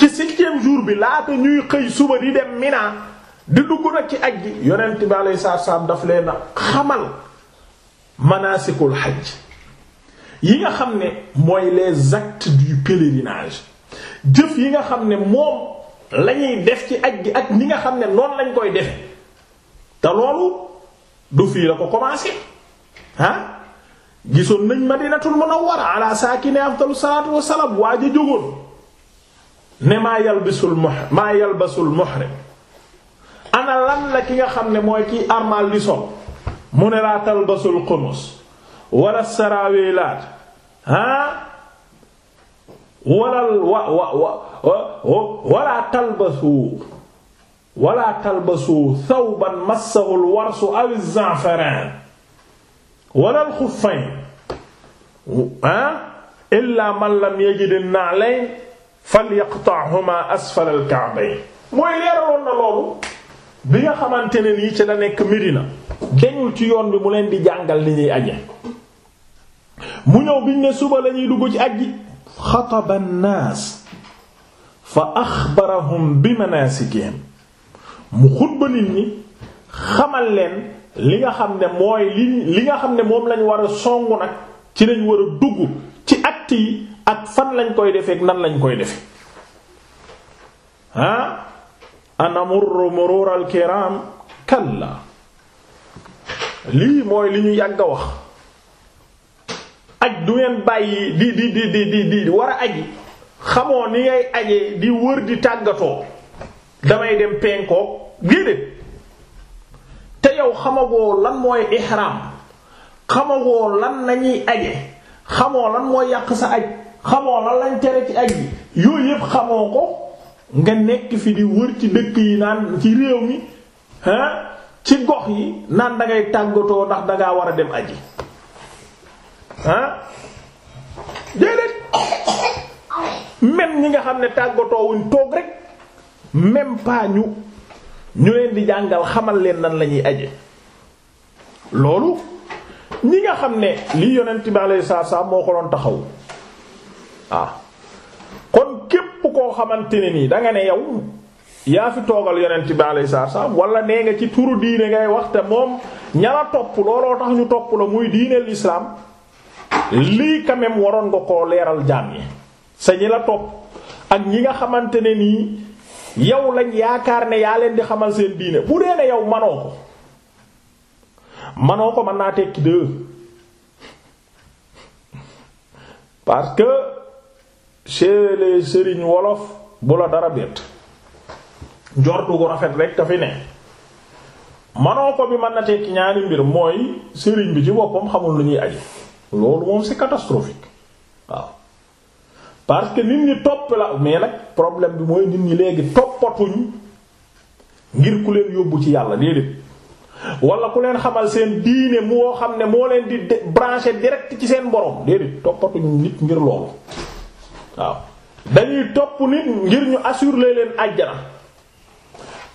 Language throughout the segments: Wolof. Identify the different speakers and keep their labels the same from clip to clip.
Speaker 1: ci septième jour bi laata ñuy xëy suba di dem Mina di dugg nag ci ak gi yonent bi alayhi salaatu salaam daf leen a xamal manasikul hajj yi nga xam ne mooy les actes du pèlerinage yi nga xam ne moom lañuy def ci ak gi ak ni nga xam ne noonu lañ koy def te loolu du fii la ko commencé ah gisoon nañ Madinatul Munawwara ala saakine afdalu salaatu wassalaam waaj a jógoon ne maa yalbisul muhrim maa yalbasul muhrim ana lan la ki nga xam ne mooy kiy armal li sol mu ne laa talbasul xumus wala saraawilaat ah wala wa wa wa wala talbasu wala talbasu thawban massahu alwarsu aw az-za'faran wala al-khuffayn ah illa man lam yajid an-na'layn falyaqta'huma asfal al-ka'bayn mooy leeraloon na loolu bi nga xamante ne nii ci la nekk Medina dañul ci yoon bi mu leen di jàngal li ñuy aje mu ñëw biñ ne suba lañuy dugg ci aji xataba an-naas fa axbarahum bi manaasikihim mu xutba ñi xamal leen li nga xam ne mooy li nga xam ne moom lañ war a songu nag ci lañ war a dugg ci acte yi ak fan lañ koy defee ak nan lañ koy defe ah anamurru murural kiram kalla lii mooy li ñu yàgg a wax aj du ngeen bàyyi di di di di war a aji xamoo ni ngay aje di wër di tàggatoo damay dem penkook gédét te yow xamagoo lan mooy ihram xamagoo lan lañuy aje xamoo lan moo yàq sa aj xamoo la lañ tere ci aj yi yooyu yépp xamoo ko nga nekk fi di wër ci dëkk yi naan ci réew mi ci gox yi naan dangay tàggatoo ndax dangaa war a dem aji ah déedéet ñi nga xam ne tàggatoo wuñ toog rek même pas ñu ñu leen di jàngal xamal leen nan la ñuy aje loolu ñi nga xam ne li yonent bi saa saa moo ko doon taxaw waaw ah, koo xamante ne nii danga ne yow yaa fi toogal yonent bi alayhi salaam wala nee nga ci turu diine ngay wax te moom ñala topp looloo tax ñu topp la muy diineel islaam lii quand waroon nga koo leeral jaam yi sa ñi la topp ak ñi nga xamante ne nii yow lañ yaakaar ne yaa leen di xamal seen diine bu dee ne yow manoo ko manoo ko mën naa tekki deux parce que. chez les sëriñ wolof bu la dara bett njortu gu rafet rek ka fi ne manoo ko bi mën na tekki ñaari mbir mooy sëriñ bi ci boppam xamul lu ñuy aji loolu moom c'est catastrophique waaw parce que nit ñi topp la mais nag problème bi mooy nit ñi léegi toppatuñ ngir ku leen yóbbu ci yàlla déedéet wala ku leen xamal seen diine moo xam ne moo leen di branché direct ci seen borom déedéet toppatuñ nit ngir loolu waaw dañuy topp nit ngir ñu assurer leen àjjana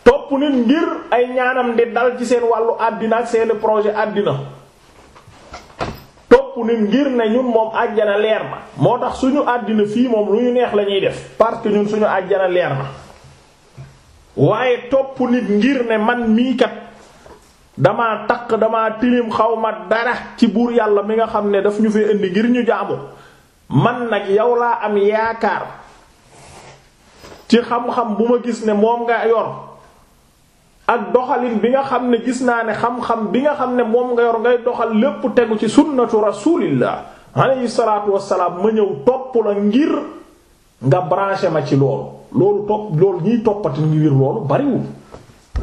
Speaker 1: topp nit ngir ay ñaanam di dal ci seen wàllu àddina ak seeni projet àddina topp nit ngir ne ñun moom àjjana leer na moo tax suñu àddina fii moom lu ñu neex lañuy def parce que ñun suñu àjjana leer na waaye topp nit ngir ne man mii kat dama takk dama tilim xaw ma dara ci buur yàlla mi nga xam ne daf ñu fee indi ngir ñu jaamu man nag yow laa am yaakaar ci xam-xam bu ma gis ne moom nga yor ak doxalin bi nga xam ne gis naa ne xam-xam bi nga xam ne moom nga yor ngay doxal lépp tegu ci sunnatu rasulillah alayhi salaatu wassalaam ma ñëw topp la ngir nga branché ma ci loolu loolu topp loolu ñiy toppati ngir loolu bariwul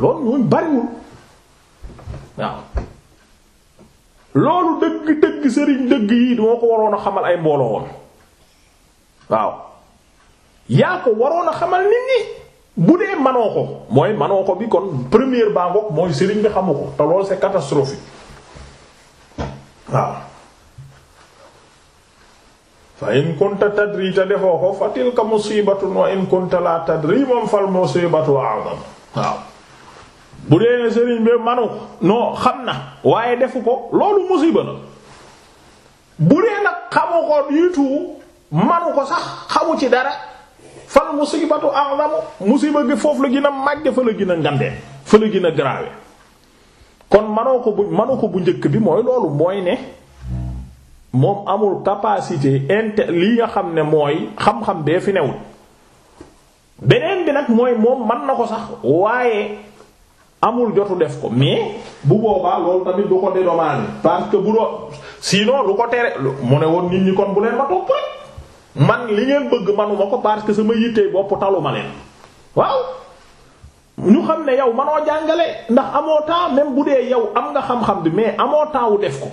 Speaker 1: loolu ñooñ bariwul waaw loolu dëgg dëgg sëriñ dëgg yi doo ko waroon a xamal ay mbooloo woon waaw yaa ko waroon a xamal nit ñi bu dee manoo ko mooy manoo ko bi kon première bangook mooy sëriñ bi xamu ko te loolu c'est catastrophe waaw fa in kunta te defoo ko fa tilka musibatun wa in kunta la moom fal musibatu a'zam waaw bu dee ne sëriñ bi manu non xam na waaye defu ko loolu musiba la bu dee nag xamu ko diitu manu ko sax xamu ci dara fal musibatu a'lamu musiba gi foofu la gën a màgge fa la gën a ngandee fa la gën a grave kon manoo ko bu manu ko bu njëkk bi mooy loolu mooy ne moom amul capacité inte li nga xam ne mooy xam-xam bee fi newul beneen bi nag mooy moom man na ko sax waaye amul jotu def ko mais bu boobaa loolu tamit du ko dédommager parce que bu doo sinon lu ko tere mu ne woon nit ñi kon bu leen ma topp rek man li ngeen bëgg manuma ko parce que sama yittee bopp taluma leen waaw ñu xam ne yow manoo jàngale ndax amoo temps même bu dee yow am nga xam-xam bi mais amoo temps wu def ko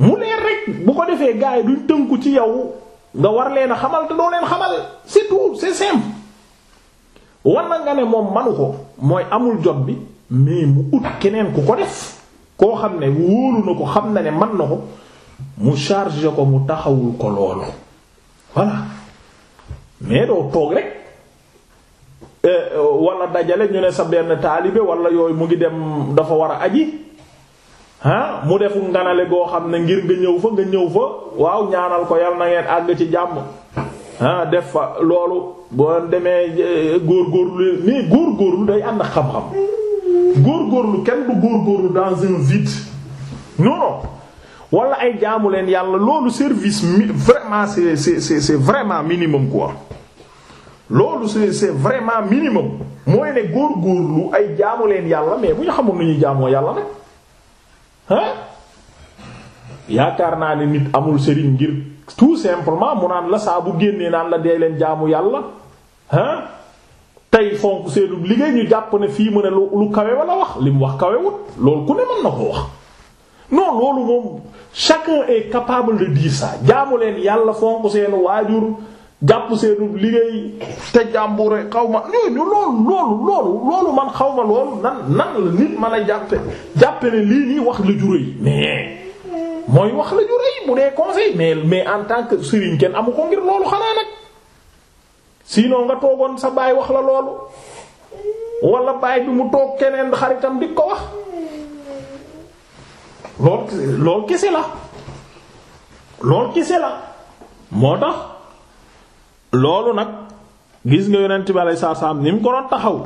Speaker 1: mu leer rek bu ko defee gars yi duñ tënku ci yow nga war leen xamal te doo leen xamal c'est tout c'est simple war na nga ne moom manu ko mooy amul jot bi mais mu ut keneen ku ko def koo xam ne wóolu na ko xam na ne man na ko mu chargé ko mu taxawul ko loolu voilà mais doo toog rek euh, wala dajale ñu ne sa benn taalibe wala yooyu mu ngi dem dafa war a aji ah mu defu nganale goo xam ne ngir nga ñëw fa nga ñëw fa waaw ñaanal ko yal na ngeen àgg ci jàmm ah def fa loolu boo demee góor eh, góorgóorlu góor góorgóorlu day ànd xam-xam góorgóorlu kenn du góorgóorlu dans un vide non non wala ay jaamu leen yàlla loolu service mi vraiment c'est c'est c'est vraiment minimum quoi loolu c'est vraiment minimum mooy ne góor góorgóorlu ay jaamu leen yàlla mais bu ñu xamul nu ñuy jaamoo yàlla nag ah. yaakaar naa ne nit amul sëriñ ngir tout simplement mu naan la saabu génnee naan la dee leen jaamu yàlla ah tey fonk seenu liggéey ñu jàpp ne fii mu ne lu lu kawe wala wax li mu wax kawewut loolu ku ne mën na ko wax non loolu moom chacun est capable de dire ça jaamu leen yàlla fonk seenu waajur jàpp seenu liggéey te jàmbure xaw ma ñooñu loolu loolu loolu man xaw ma loolu nan nan la nit mën a jàppe jàppe ne lii nii wax la jure yi mooy wax la ju rëy bu dee conseil mais mais en tant que sëriñ kenn amu ko ngir loolu xanaa nag sinon nga toogoon sa baay wax la loolu wala baay bi mu toog keneen xaritam di ko wax loolu loolu kese la loolu kese la moo tax loolu nag gis nga yonent bi alayhi salaam ni mu ko doon taxaw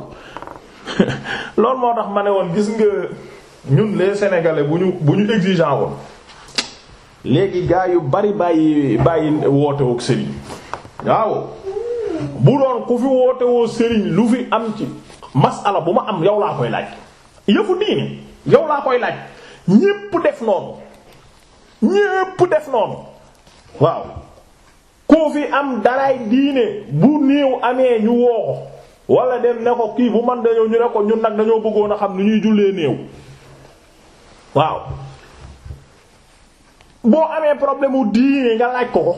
Speaker 1: loolu moo tax ma ne woon gis nga ñun les sénégalais bu ñu bu ñu exigeant woon. léegi gaa yu bari bàyyi bàyyi woote woog sëriñ waaw bu doon ku fi woote sëriñ lu fi am ci masala bu ma am yow laa koy laaj yëfu diine yow laa koy laaj ñépp def noonu ñépp def noonu waaw ku fi am daraay diine bu néew amee ñu woo ko wala dem ne ko kii bu man dañoo ñu ne ko ñun nag dañoo bëggoon a xam ni ñuy jullee néew waaw boo amee problème mu diine nga laaj ko ko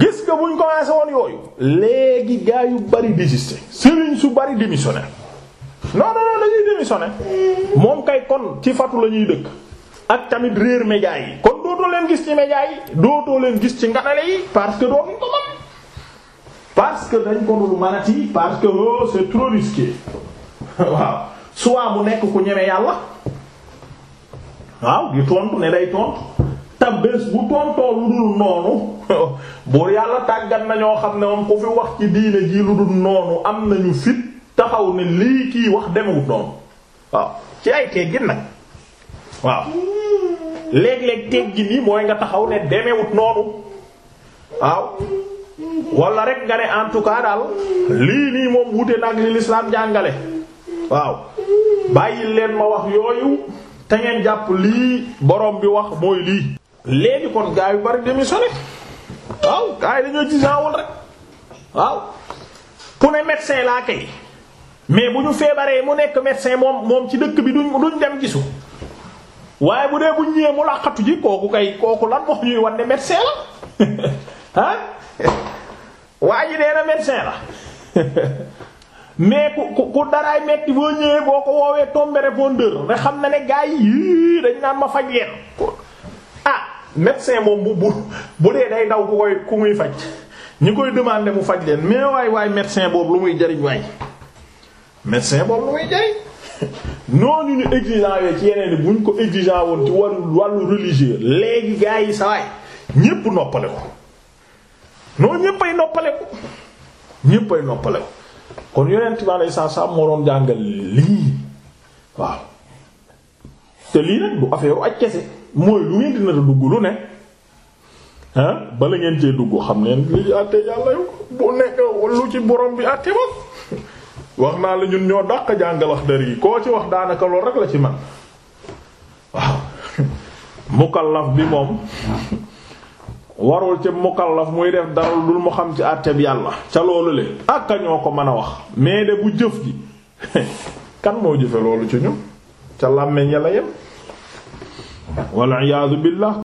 Speaker 1: gis nga buñ commencé woon yooyu léegi gaa yu bari désister sëriñ su bari démissionnaire non non non dañuy moom kay kon ci fatu lañuy dëkk ak tamit réer média yi kon dootoo leen gis ci média yi dootoo leen gis ci nganale yi parce que dootuñ ko mën parce que dañ ko dul manati parce que oh c'est trop risqué waaw soit mu nekk ku ñeme yàlla waaw di tontu ne day tontu. tam bés bu tontoo lu dul noonu buur yàlla tàggat nañoo ñoo xam ne moom ku fi wax ci diine ji lu dul noonu am na ñu fit taxaw ne lii kii wax demewut noonu waaw ci ay teggin nag waaw léeg-léeg teggin yi mooy nga taxaw ne demewut noonu waaw wala rek nga ne en tout cas daal lii nii moom wute nag li lislaam jàngale waaw bàyyi leen ma wax yooyu te ngeen jàpp lii borom bi wax mooy lii léegi kon gaa yu bari démissionné waaw gaa yi dañoo disant wul rek waaw ku ne médecin laa kay mais bu ñu feebaree mu nekk médecin moom moom ci dëkk bi duñ duñ dem gisu waaye bu dee bu ñëwee mu laqatu ji kooku kay kooku lan moo ñuy wan ne médecin la ah waa ji nee na médecin la mais ku ku daraay metti boo ñëwee boo ko woowee tombé répondeur ne xam na ne gaa yi dañ naan ma faj leen médecin moom bu dee day daw ku koy ku muy faj ñi koy demander mu faj leen mais waay waay médecin boobu lu muy jariñ waay médecin boobu lu muy jariñ noonu ñu exigeant yooyu ci yeneen bu ñu ko exigeant woon ci wàllu wàllu religieux léegi gaa yi sa waay ñépp noppale ko noonu ñéppay noppale ko ñéppay noppale ko kon yonent bi alayhi saa moo doon jàngal lii waaw te lii nag du affaire aj kese mooy lu ngeen dina dugg lu ne bala ngeen cee dugg xam neen li ci àtte yàlla yu bu nekk lu ci borom bi àtte moom wax naa la ñun ñoo dàq jàngal wax dër yi koo ci wax daanaka lool rek la ci man waaw mukallaf bi moom warul ci mukallaf muy def dara dul mu xam ci àtte bi yàlla ca loolu le ak ñoo ko mën a wax mais de bu jëf ji kan moo jëfe loolu ci ñu ca làmmeñ ya la yem wal iyaadu billah